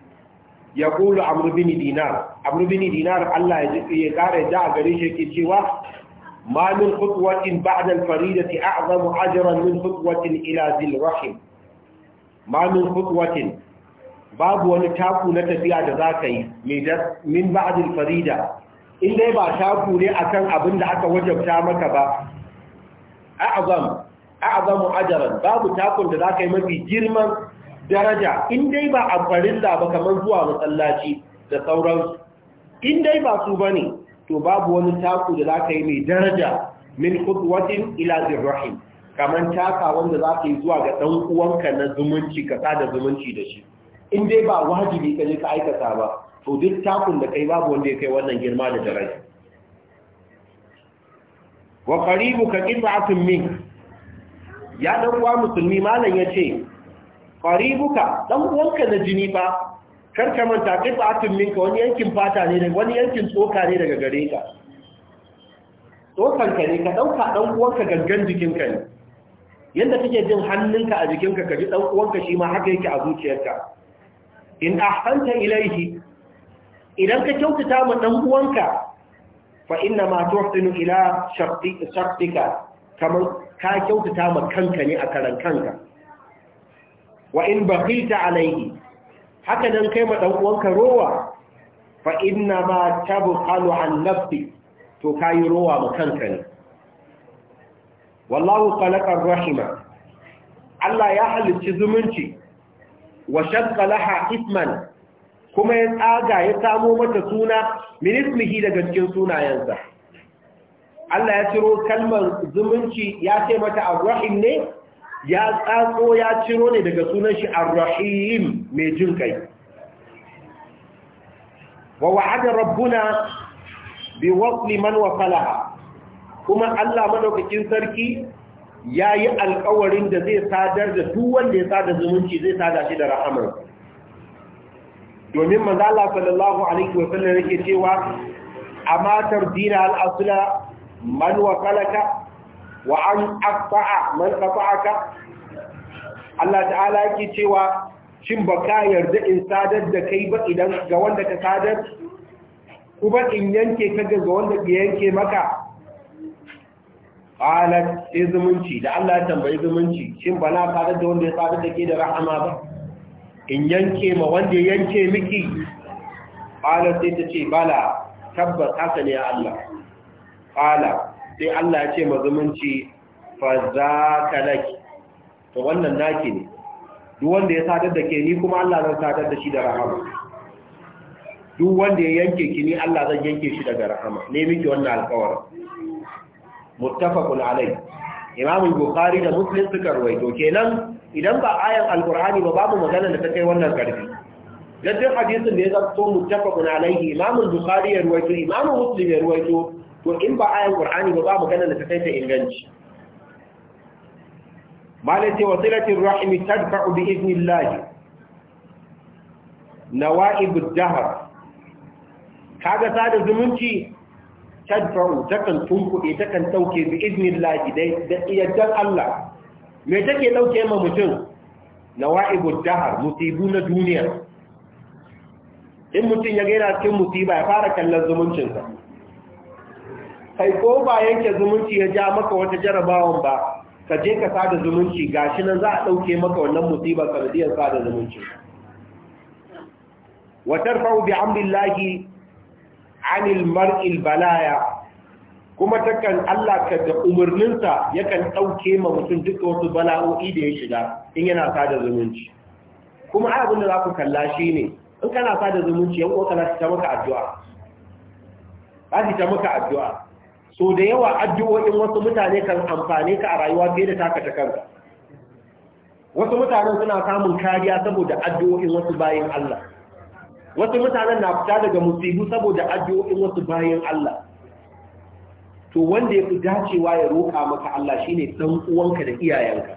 ya kulu amru dinar amru dinar Allah ya ji ya kare da gare shi yake cewa ma min khutwatin ba'da Farida faridati a'zamu ajran min khutwatin ila zil rahim ma min babu wani taku na tafiya da za ka yi min ba'adil farida in dai ba taku ne akan abin da aka wajabta maka ba a'azam a'azamu ajran babu takun da za ka yi mafi girman daraja in dai ba a farilla ba kamar zuwa masallaci da sauransu in dai ba su ne. to babu wani taku da za ka yi mai daraja min khutwatin ila zirrahim kamar taka wanda za ka yi zuwa ga ɗan uwanka na zumunci ka sada zumunci da shi in dai ba wajibi ka je ka aikata ba to duk takun da kai babu wanda ya kai wannan girma da daraja wa qaribu ka qit'atun min ya dan uwa musulmi malam yace ka dan uwanka na jini fa kar ka manta min minka wani yankin fata ne wani yankin tsoka ne daga gare ka tsokanka ne ka dauka dan uwanka gangan jikinka ne yadda kake jin hannunka a jikinka ka ji dan uwanka shi ma haka yake a zuciyarka in ahanta Ilaihi, idan ka kyautata ma dan uwanka fa inna ma tuhsinu ila kamar ka kyautata ma kanka ne a karan kanka wa in bakhilta alayhi haka nan kai ma dan uwanka rowa fa inna ma tabqalu an nafsi to kai rowa ma kanka ne wallahu khalaqa rahima Allah ya halicci zumunci wa shakka laha isman kuma ya tsaga ya samo mata suna min ismihi daga cikin sunayensa Allah ya ciro kalmar zumunci ya ce mata arrahim ne ya tsatso ya ciro ne daga sunan shi arrahim mai jin kai wa wa'ada rabbuna bi wasli man wasalaha kuma Allah madaukakin sarki ya yi alkawarin da zai sadar da duk wanda ya sada zumunci zai sada shi da rahamar domin mazala sallallahu alaihi wa yake cewa a matar dina al’asula asla man wa an aqta'a man qata'aka Allah ta'ala yake cewa shin baka yarda in sadar da kai ba idan ga wanda ka sadar kuma in yanke ka ga wanda ka yanke maka qalat izmunci da Allah ya tambayi zumunci shin ba na da wanda ya fara da ke da rahama ba in yanke ma wanda ya yanke miki qalat sai ta ce bala tabbas haka ne ya Allah qala sai Allah ya ce ma zumunci fa zaka laki to wannan naki ne duk wanda ya sadar da ke ni kuma Allah zai sadar da shi da rahama duk wanda ya yanke ki ni Allah zai yanke shi daga rahama ne miki wannan alƙawarin muttafaqun alai imamu bukhari da muslim suka ruwaito kenan idan ba ayan alqur'ani ba babu magana da ta kai wannan karfi gaddin hadisin da ya zato muttafaqun alaihi imamu bukhari ya ruwaito imamu muslim ya ruwaito to in ba ayan qur'ani ba babu magana da ta kai ta inganci malati wasilatir rahimi tadfa'u bi idnillahi nawa'ibud dahr kaga sada zumunci tadfa'u takan tunkuɗe takan ɗauke bi iznillahi da iyaddar Allah me take ɗauke ma mutum nawa'ibu dahar musibu na duniya in mutum ya gaira cikin musiba ya fara kallon sa kai ko ba yanke zumunci ya ja maka wata jarabawan ba ka je ka sada zumunci gashi nan za a ɗauke maka wannan musibar sanadiyar sada zumunci wa tarfa'u bi amrillahi anil mar'il balaya kuma takan Allah ka da umarninsa yakan ɗauke ma mutum duka wasu bala'o'i da ya shiga in yana sada zumunci kuma abin da za ku kalla shi ne in kana sada zumunci yan uwa kana ta maka addu'a ba ki ta maka addu'a so da yawa addu'o'in wasu mutane kan amfane ka a rayuwa fiye da taka ta kanka wasu mutanen suna samun kariya saboda addu'o'in wasu bayin Allah wasu mutanen na fita daga musibu saboda addu'o'in wasu bayan Allah to wanda ya fi dacewa ya roƙa maka Allah shine dan uwanka da iyayenka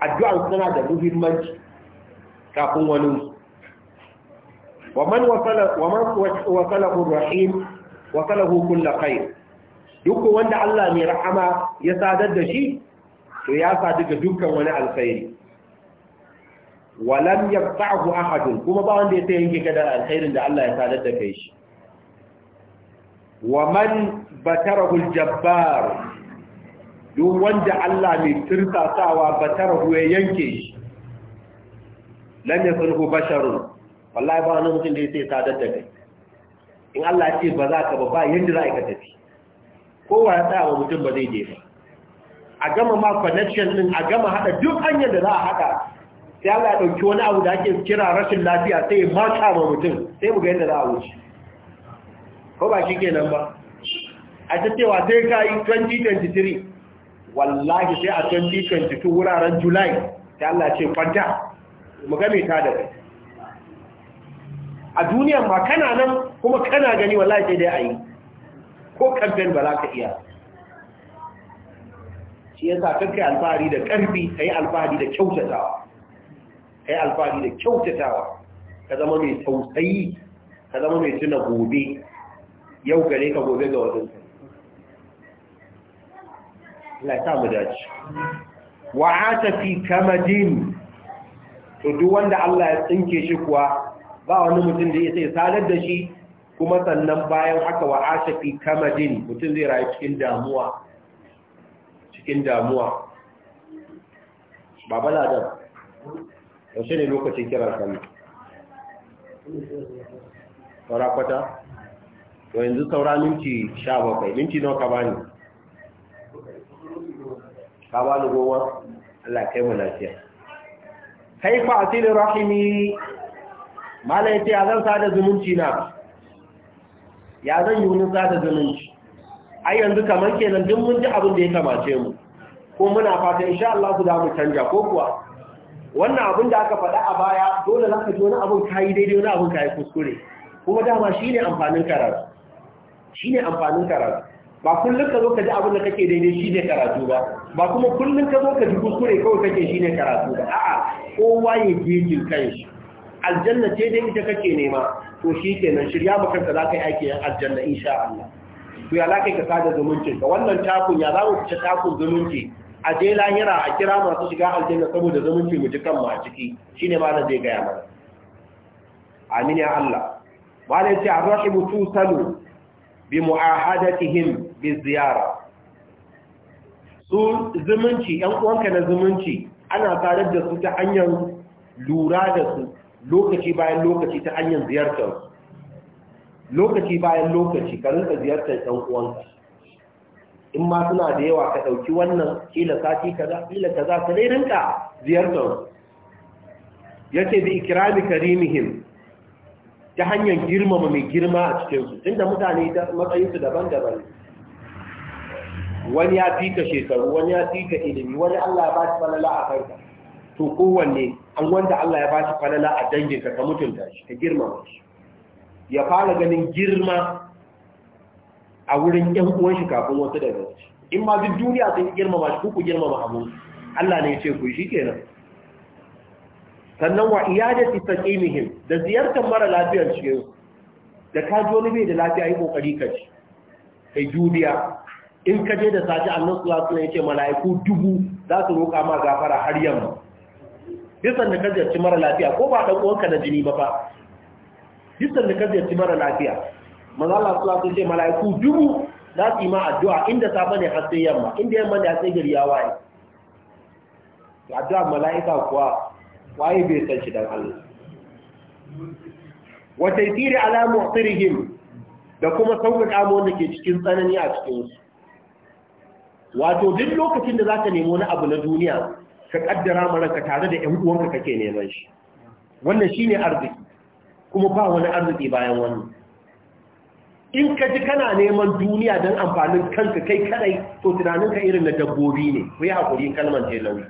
addu'an suna da muhimmanci kafin wani wa man wasala wa man wasalahu kull khair duk wanda Allah mai rahama ya sadar da shi to ya sadu ga dukkan wani alkhairi walam yaqta'hu ahadun kuma ba wanda ya sai yanke ka da alkhairin da Allah ya sadar da kai shi wa man batarahu aljabbar duk wanda Allah mai tirsasawa batarahu ya yanke shi lam yasunhu basharun wallahi ba wani mutum da ya sai sadar da kai in Allah ce ba za ka ba ba yanda za ka tafi kowa ya tsaya wa mutum ba zai je ba a gama ma connection din a gama hada duk hanyar da za a hada sai Allah ya ɗauki wani abu da ake kira rashin lafiya sai mata ma mutum sai mu ga yadda za a wuce ko ba shi kenan ba a ta cewa sai ka yi 2023 wallahi sai a 2022 wuraren july sai Allah ce kwanta mu ga mai ta da kai a duniyan ma kana nan kuma kana gani wallahi sai dai a yi ko kamfen ba za ka iya shi yasa kakai alfahari da ƙarfi ka yi alfahari da kyautatawa kai alfahari da kyautatawa ka zama mai tausayi ka zama mai tuna gobe yau gare ka gobe ga wadansa Allah ya samu dace wa fi kamadin to duk wanda Allah ya tsinke shi kuwa ba wani mutum da yake sadar da shi kuma sannan bayan haka wa fi kamadin mutum zai rayu cikin damuwa cikin damuwa baba ladan yaushe ne lokacin kiran sallah saura kwata to yanzu saura minti sha bakwai minti nawa ka bani ka bani goma Allah kai mu lafiya kai fa asilin rahimi mala ya ce ya zan sada zumunci na ya zan yi wunin sada zumunci ai yanzu kamar kenan duk mun ji abin da ya kamace mu ko muna fata insha Allah ku za mu canja ko kuwa wannan abin da aka faɗa a baya dole za ka ji wani abin kayi daidai wani abin kayi kuskure kuma dama shi ne amfanin karatu shi ne amfanin karatu ba kullum ka zo ka ji abin da kake daidai shi ne karatu ba ba kuma kullum ka zo ka ji kuskure kawai kake shi ne karatu ba a'a kowa ya jejin shi. aljanna ce dai ita kake nema to shi kenan shirya ba kanka za ka yi aiki aljanna insha Allah to ya lakai ka ka sada ka wannan takun ya za mu fice takun zumunci a je lahira a kira masu shiga aljanna saboda zumunci mu ji mu a ciki shine malam zai gaya mana amin ya Allah malam ya arrahibu arrahimu tusalu bi mu'ahadatihim bi ziyara su zumunci ‘yan uwanka na zumunci ana tare da su ta hanyar lura da su lokaci bayan lokaci ta hanyar ziyartar lokaci bayan lokaci ka rinka ziyartar ‘yan uwanka in ma suna da yawa ka ɗauki wannan kila sati kaza kila kaza ta dai rinka ziyartar yake bi ikrami karimihim ta hanyar girmama mai girma a cikinsu tunda mutane matsayinsu daban-daban wani ya fi ka shekaru wani ya fi ka ilimi wani Allah ya ba shi falala a kanka to kowanne an wanda Allah ya ba shi falala a danginka ka mutunta shi ka girmama shi ya fara ganin girma a wurin ƴan uwan shi kafin wasu daga in ma duk duniya sun girmama shi ku girmama abu Allah ne ce ku shi kenan sannan wa iyadati saqimihim da ziyartar mara lafiyar shi da ka ji wani bai da lafiya yi kokari ka ci kai juriya in ka je da sace a sallallahu alaihi ya ce mala'iku dubu za su roƙa ma gafara har yamma bisan da ka ziyarci mara lafiya ko ba dan uwanka na jini ba ba bisan da ka ziyarci mara lafiya manzo Allah sallallahu alaihi mala'iku dubu za su yi ma addu'a inda safa ne har sai yamma inda yamma ne sai gari ya waye addu'a mala'ika kuwa waye bai san shi dan Allah wa taysiri ala mu'tirihim da kuma sauƙaƙa mu wanda ke cikin tsanani a cikin su wato duk lokacin da zaka nemo wani abu na duniya ka kaddara mara ka tare da ƴan uwanka kake neman shi wannan shine arziki kuma ba wani arziki bayan wannan in ka ji kana neman duniya don amfanin kanka kai kadai to tunaninka irin na dabbobi ne ku yi haƙuri kalmar jelawi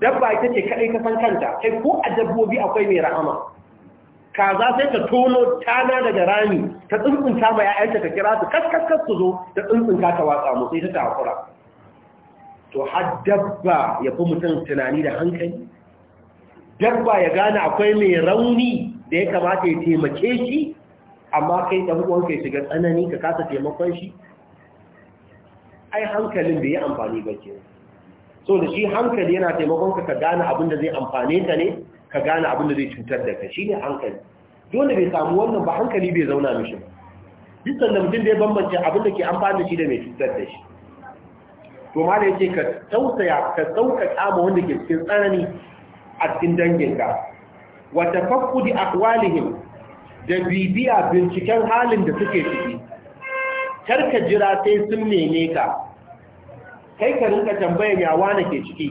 dabba ita ce kadai ka kanta kai ko a dabbobi akwai mai rahama kaza sai ka tono tana daga rami ta tsuntsunta mai ya'yanta ka kira su kaskaskas su zo ta tsuntsunta ta watsa mu sai ta takura to har dabba ya fi mutum tunani da hankali dabba ya gane akwai mai rauni da ya kamata ya taimake shi amma kai da hukun kai shiga tsanani ka kasa taimakon shi ai hankalin bai yi amfani ba ke so da shi hankali yana taimakon ka ka gane abin da zai amfane ka ne ka gane abin da zai cutar da ka shi ne hankali dole bai samu wannan ba hankali bai zauna mishi ba duk da mutum bai bambance abin da ke amfani da shi da mai cutar da shi to ma da yake ka tausaya ka sauƙaƙa ma wanda ke cikin tsanani a cikin danginka wa tafakkudi aqwalihim da bibiya binciken halin da suke ciki karka jira sai sun nene ka kai ka rinka tambayar yawa na ke ciki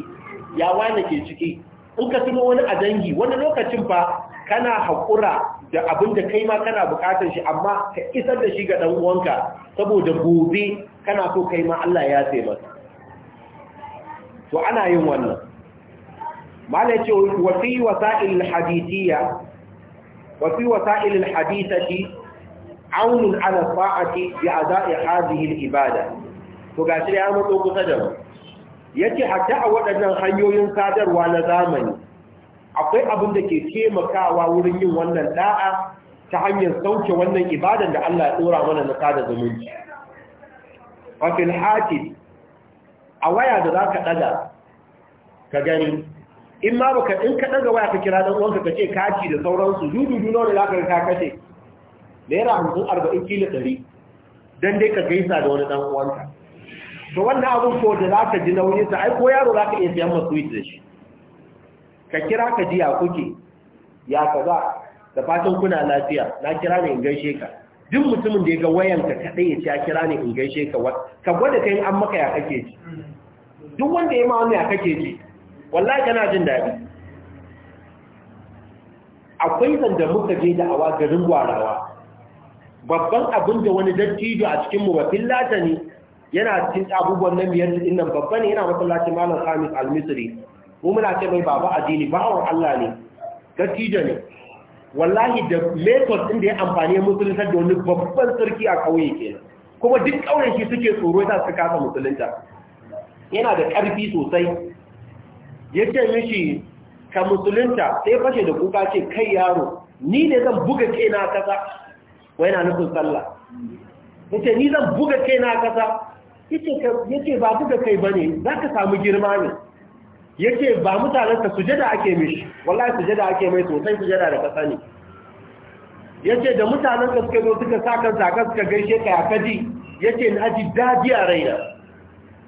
yawa na ke ciki in ka tuno wani a dangi wani lokacin fa kana haƙura da abin da kai ma kana buƙatar shi amma ka isar da shi ga ɗan uwanka saboda gobe kana so kai ma Allah ya sai masa to ana yin wannan malai ce wa fi wasa'il hadithiyya وفي وسائل الحديثة عون على ibada. بأداء هذه الإبادة فقالت لي أنا طوق قدم يتي حتى أولا هنيو ينصادر ولا زامن akwai abin da ke taimakawa wurin yin wannan ɗa'a ta hanyar sauke wannan ibadan da Allah ya dora mana na sada zumunci wa fil a waya da za ka ɗaga, ka gani in ma baka in ka daga waya ka kira dan uwanka ka ce kaci da sauransu dududu nawa ne za ka ka kashe naira hamsin arba'in kila ɗari dan dai ka gaisa da wani dan uwanka to wannan abun ko da za ka ji nauyin sa ai ko yaro za ka iya siyan masu sweet da shi ka kira ka ji ya kuke ya kaza da fatan kuna lafiya na kira ne in gaishe ka duk mutumin da ya ga wayanka kaɗai ya ci ya kira ne in gaishe ka ka gwada kai an maka ya kake ji duk wanda ya ma wani ya kake ji wallahi kana jin daɗi akwai sanda muka je da awa garin gwarawa babban abin da wani dattijo a cikin mu bafin ne. yana cikin abubuwan nan biyar din nan babban yana masallacin malam Khamis al-Misri mu muna ce mai baba addini bawon Allah ne dattijo ne wallahi da method din da ya amfani musulunta da wani babban sarki a kauye ke. kuma duk kauyen shi suke tsoro sa suka kasa musulunta yana da karfi sosai ya mishi ka musulunta sai fashe da kuka ce kai yaro ni ne zan buga kaina kasa wai na nufin sallah ya ni zan buga kaina kasa ya ce ba buga kai ba ne za ka samu girma ne ya ce ba ka sujada ake mishi wallahi sujada ake mai sosai sujada da kasa ne ya ce da ka suka zo suka sa kan suka gaishe ka ya kaji ya ce na ji daji a raina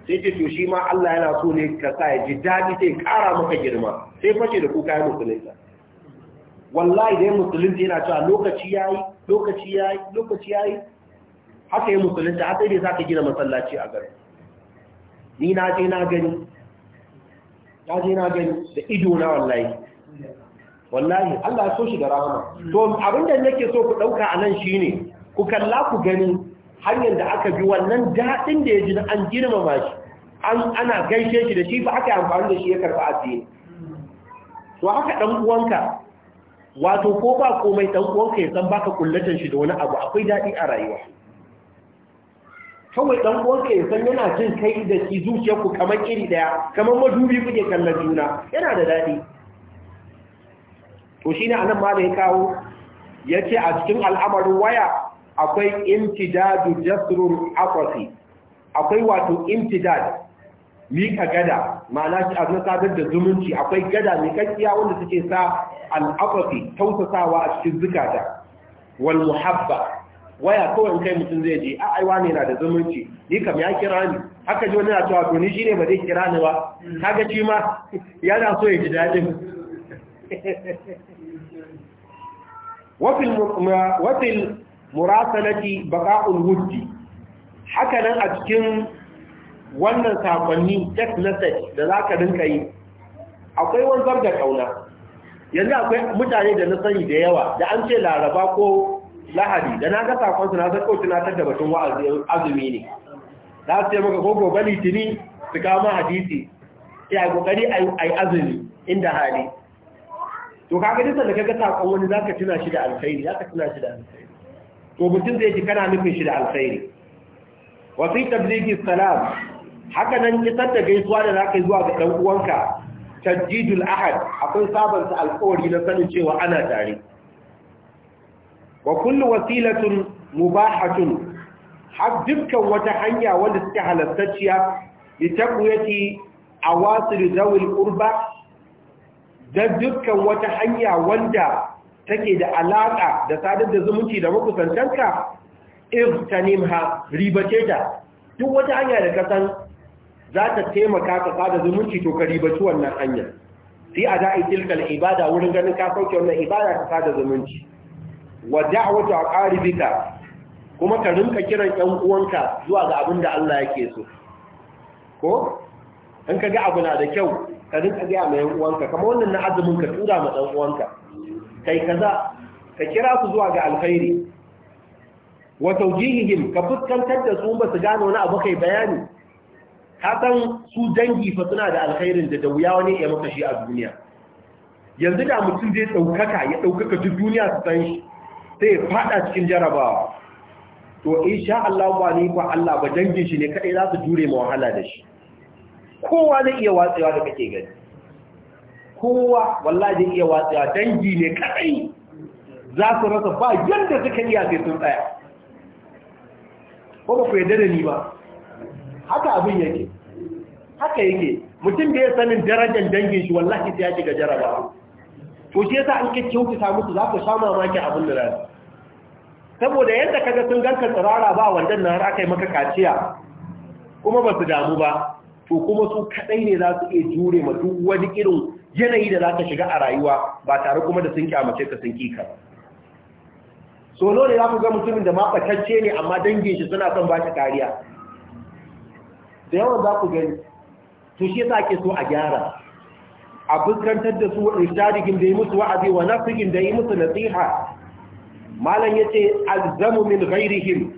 sai ce to shi ma Allah yana so ne ka sa ya ji daɗi sai ƙara maka girma sai fashe da kuka ya musulunta wallahi dai musulunta yana cewa lokaci yayi lokaci yayi lokaci yayi haka ya musulunta haka sai za ka gina masallaci a garin ni na je na gani na je na gani da ido na wallahi wallahi Allah ya so shi da rahama to abin da nake so ku dauka shi ne ku kalla ku gani hanyar da aka bi wannan daɗin da ya ji an girmama shi ana gaishe shi da shi ba aka amfani da shi ya karba addini to haka dan uwanka wato ko ba komai dan uwanka ya san baka kullatan shi da wani abu akwai daɗi a rayuwa kawai dan uwanka ya san yana jin kai da shi zuciyarku kamar iri daya kamar madubi kuke kallon juna yana da daɗi to shine anan ma da ya kawo yace a cikin al'amarin waya akwai intidadu jasrul aqwasi akwai wato intidad. mika gada ma'ana shi abin sadar da zumunci akwai gada mai kakkiya wanda suke sa al'afafi tausasawa a cikin zukata wal muhabba waya kawai kai mutum zai je a aiwa ne na da zumunci ni kam ya kira ni haka ji wani na cewa to ni shine ba zai kira ni ba kaga shi ma yana so ya ji dadin wafil wafil murasalati baqa'ul wuddi haka nan a cikin wannan sakonni text message da za ka rinka yi akwai wanzar da ƙauna yanzu akwai mutane da na sani da yawa da an ce laraba ko lahadi da na ga sakonsu na san kawai tunatar da batun azumi ne za su yi maka koko gani litini su kama hadisi sai a kokari a yi azumi inda hali to kaga nisa da kaga sakon wani za ka tuna shi da alkhairi ka tuna shi da alkhairi to mutum zai ji kana nufin shi da alkhairi wasu fi tablighi salam haka nan kitar da gaisuwa da za ka zuwa ga ɗan uwanka tajjidul ahad akwai sabon sabanta alƙawari na sanin cewa ana tare wa kullu wasilatun mubahatun har dukkan wata hanya wanda suke halattacciya li a awasil zawil qurba da dukkan wata hanya wanda take da alaƙa da sadar da zumunci da makusantanka iftanimha ribace ta duk wata hanya da kasan za ta taimaka ka fada zumunci to ka ribaci wannan hanyar fi a da'i tilkal ibada wurin ganin ka sauke wannan ibada ka fada zumunci wa da'watu aqaribika kuma ka rinka kiran ƴan uwanka zuwa ga abin da Allah yake so ko in ka ga abu na da kyau ka rinka ga mai ƴan uwanka kamar wannan na azumin ka tura ma ɗan uwanka kai kaza ka kira ku zuwa ga alkhairi wa tawjihihim ka fuskantar da su ba su gano wani abu kai bayani ka san su dangi fa suna da alkhairin da da wuya wani ya maka shi a duniya yanzu da mutum zai daukaka ya daukaka duk duniya su san shi sai fada faɗa cikin jarabawa to insha Allah ba ni ba Allah ba dangin shi ne kadai za su jure ma wahala da shi kowa zai iya watsewa da kake gani kowa wallahi zai iya watsewa dangi ne kadai za su rasa ba yanda suka iya sai sun tsaya ko ba ku yarda da ni ba haka abin yake haka yake mutum da ya sanin darajar dangin shi wallahi sai ya shiga jarabawa to shi yasa an kyaututa musu za ku sha mamaki abin da rana saboda yadda kaga sun ganka tsirara ba wandan na har aka maka kaciya kuma ba su damu ba to kuma su kadai ne za su iya jure ma duk wani irin yanayi da za ka shiga a rayuwa ba tare kuma da sun kyamace ka sun kika so ne za ku ga mutumin da ma ne amma dangin shi suna son ba shi kariya da yawa za ku gani to shi yasa ke so a gyara a fuskantar da su irshadihim da yi musu wa'azi wa nasihim da yi musu nasiha malam ya ce alzamu min ghairihim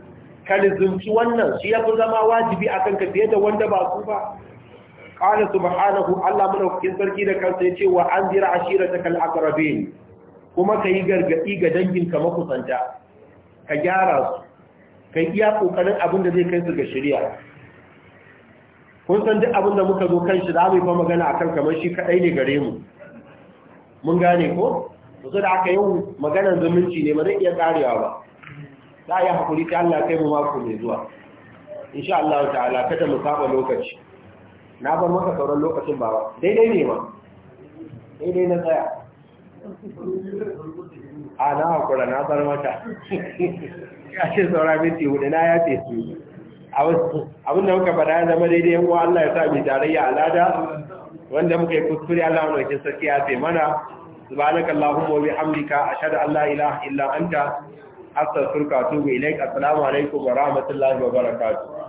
kalzumci wannan shi fi zama wajibi akan ka fiye da wanda ba su ba qala subhanahu Allah madaukakin sarki da kansa ya ce wa an ta ashiratakal aqrabin kuma yi gargadi ga dangin ka makusanta ka gyara su kai iya kokarin abin da zai kai su ga shirya. kun san duk abin da muka zo kan shi za mu yi fa magana akan kamar shi kaɗai ne gare mu mun gane ko su da aka yi maganar zumunci ne ba zai iya karewa ba za a yi hakuri ta Allah kai mu mako mai zuwa sha Allah ta'ala kada mu saba lokaci na bar maka sauran lokacin ba daidai ne ma daidai na tsaya a na hakura na bar mata ya ce saura minti hudu na ya ce su abinda da muka faɗa ya zama daidai yankuwa Allah ya sa mai tarayya alada wanda muka yi kuskure Allah wani wakil sarki ya ce mana subhanaka allahumma wa bihamdika a an Allah ilaha illa hasar surka wa atubu ilaik assalamu alaikum wa rahmatullahi wa barakatuh